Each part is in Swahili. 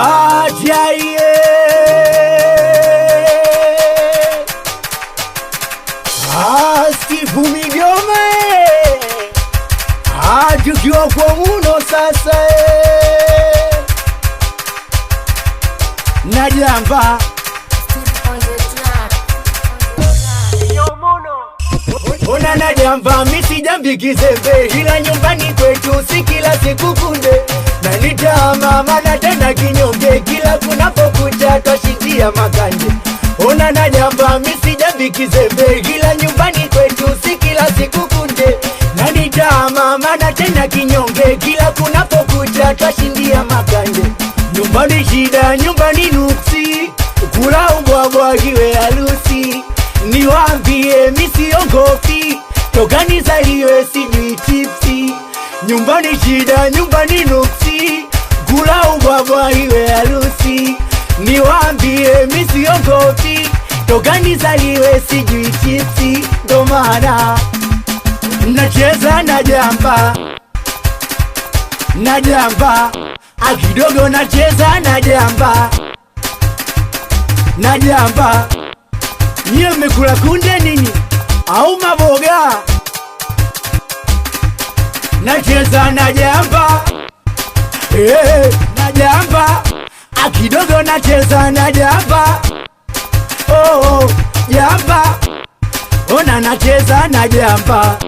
አጃዬ astifumi vyome ajukiwa kwa muno sasa na jamba ona na jamba misijambikize ila nyumbani kwetu si kila siku kunde nalita nitama mana tena kinyonge, kila kunapokucha twashindia makande. Ona na misi misijambi kizembe, kila nyumbani kwetu si kila siku kunde Nalita nitama mana tena kinyonge, kila kunapokucha twashindia makande. Nyumbani shida, nyumbani nuksi, kula ubwabwa kiwe harusi. Niwaambie misiongopi, tokani zaliwe sijui chips Nyumbani shida, nyumbani nuksi, gula ubwabwa iwe harusi. Niwaambie misiogopi, toka nizaliwe sijui chipsi, ndo maana nacheza na jamba na jamba akidogo, nacheza na jamba na jamba. Nyie mmekula kunde nini au maboga? nacheza na jamba hey, eh, na jamba akidogo nacheza na jamba oh, oh jamba ona nacheza na jamba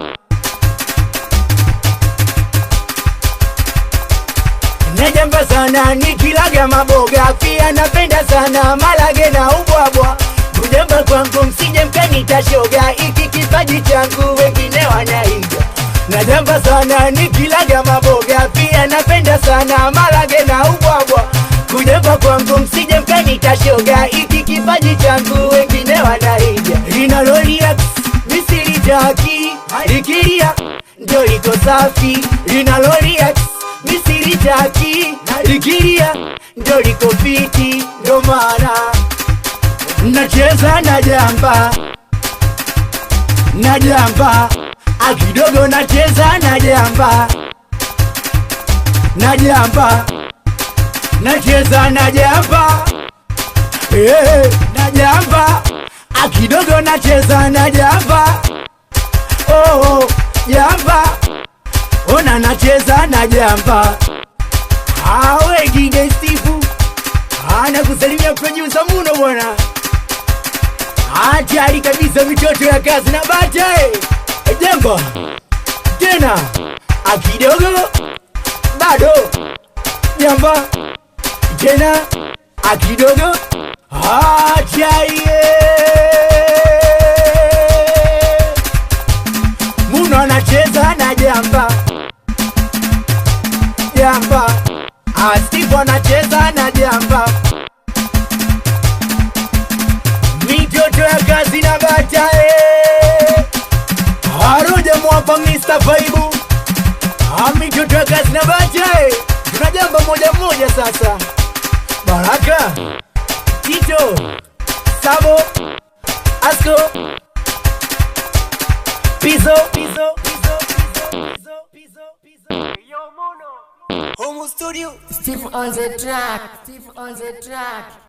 najamba sana kilaga maboga pia napenda sana malage na ubwabwa mjamba kwangu msije mkanitashoga iki kipaji changu wengine wanai najamba sana nikilaga maboga, pia napenda sana malage na ubwabwa. Kujemba kwangu msije mkanitashoga, iki kipaji changu wengine wanaiga. Linalolia misiri taki likilia ndio liko safi, linalolia misiri taki ndio liko fiti, ndo mana nacheza na jamba na jamba akidogo nacheza na jamba na jamba nacheza na jamba na jamba akidogo nacheza na jamba oh, jamba ona nacheza na jamba awe gige Stifu kusalimia producer muno bwana hatari kabisa, mitoto ya kazi na batae jembo tena akidogo bado jamba tena akidogo hajaye muno anacheza na jamba jamba Asifu anacheza na jamba mitoto ya kazi na bata hapa Mr. Vibe Ami Jotakas na Bache tuna jambo moja moja sasa. Baraka Tito Sabo Asko Pizo Pizo Pizo Pizo Pizo Pizo Yo Mono Homo Studio Steve on the track Steve on the track